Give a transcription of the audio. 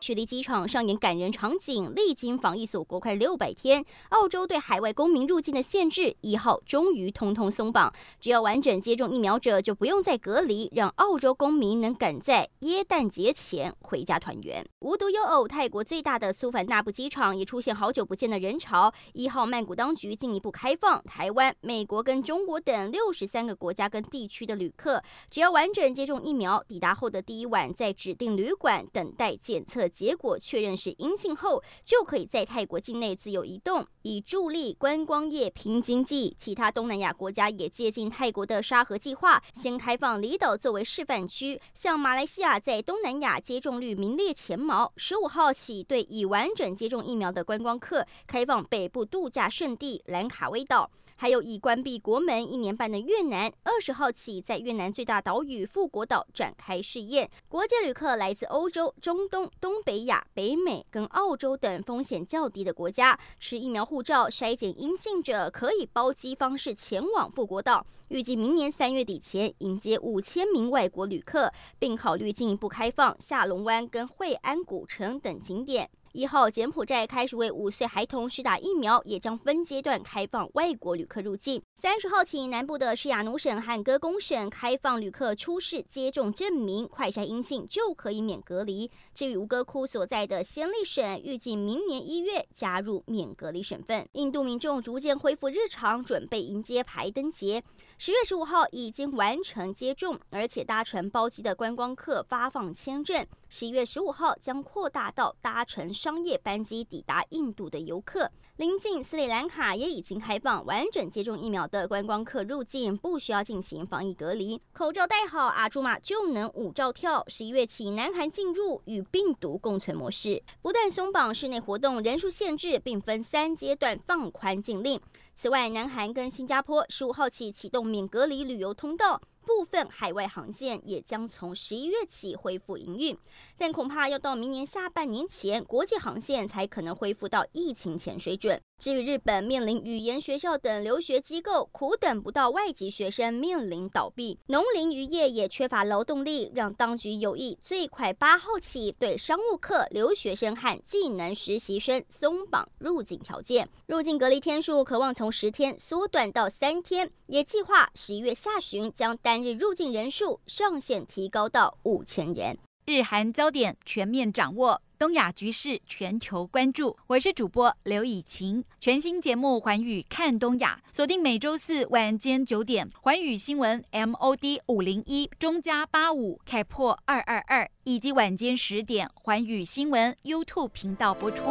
雪梨機場上演感人場景，歷經防疫鎖國，快六百天，澳洲對海外公民入境的限制一號終於通通鬆綁，只要完整接種疫苗者就不用再隔離，讓澳洲公民能趕在耶誕節前回家團圓。無獨有偶，泰國最大的蘇凡納布機場也出現好久不見的人潮。一號曼谷當局進一步開放台灣、美國跟中國等六十三個國家跟地區的旅客，只要完整接種疫苗，抵達後的第一晚在指定旅館等待檢測。結果確認是陰性後，就可以在泰國境內自由移動。以助力觀光業拚經濟，其他東南亞國家也借鑑泰國的沙盒計劃，先開放離島作為示範區。像馬來西亞在東南亞接種率名列前茅，十五號起對已完整接種疫苗的觀光客開放北部度假勝地蘭卡威島。還有已關閉國門一年半的越南，二十號起在越南最大島嶼富國島展開試驗。國際旅客來自歐洲、中東、東北亞、北美跟澳洲等風險較低的國家，持疫苗護。護照篩檢陰性者可以包機方式前往富國島，預計明年三月底前迎接五千名外國旅客，並考慮進一步開放下龍灣跟惠安古城等景點。一號，柬埔寨開始為五歲孩童施打疫苗，也將分階段開放外國旅客入境。三十號起，南部的施雅努省、和戈公省開放旅客出示接種證明、快篩陰性就可以免隔離。至於吳哥窟所在的暹粒省，預計明年一月加入免隔離省份。印度民眾逐漸恢復日常，準備迎接排燈節。十月十五號已經完成接種，而且搭乘包機的觀光客發放簽證。十一月十五號將擴大到搭乘。商業班機抵達印度的遊客，臨近斯里蘭卡也已經開放完整接種疫苗的觀光客入境，不需要進行防疫隔離。口罩戴好，阿朱瑪就能舞照跳。十一月起，南韓進入與病毒共存模式，不但鬆綁室內活動人數限制，並分三階段放寬禁令。此外，南韓跟新加坡十五號起啟動免隔離旅遊通道。部分海外航線也將從十一月起恢復營運，但恐怕要到明年下半年前，國際航線才可能恢復到疫情前水準。至於日本，面臨語言學校等留學機構苦等不到外籍學生，面臨倒閉；農林漁業也缺乏勞動力，讓當局有意最快八號起對商務客留學生和技能實習生鬆綁入境條件，入境隔離天數可望從十天縮短到三天，也計劃十一月下旬將單日入境人數上限提高到五千人。日韓焦點全面掌握，東亞局勢全球關注。我是主播劉以晴，全新節目《寰宇看東亞》，鎖定每周四晚間九點，寰宇新聞 M O D 五零一中加八五開破二二二，以及晚間十點寰宇新聞 YouTube 頻道播出。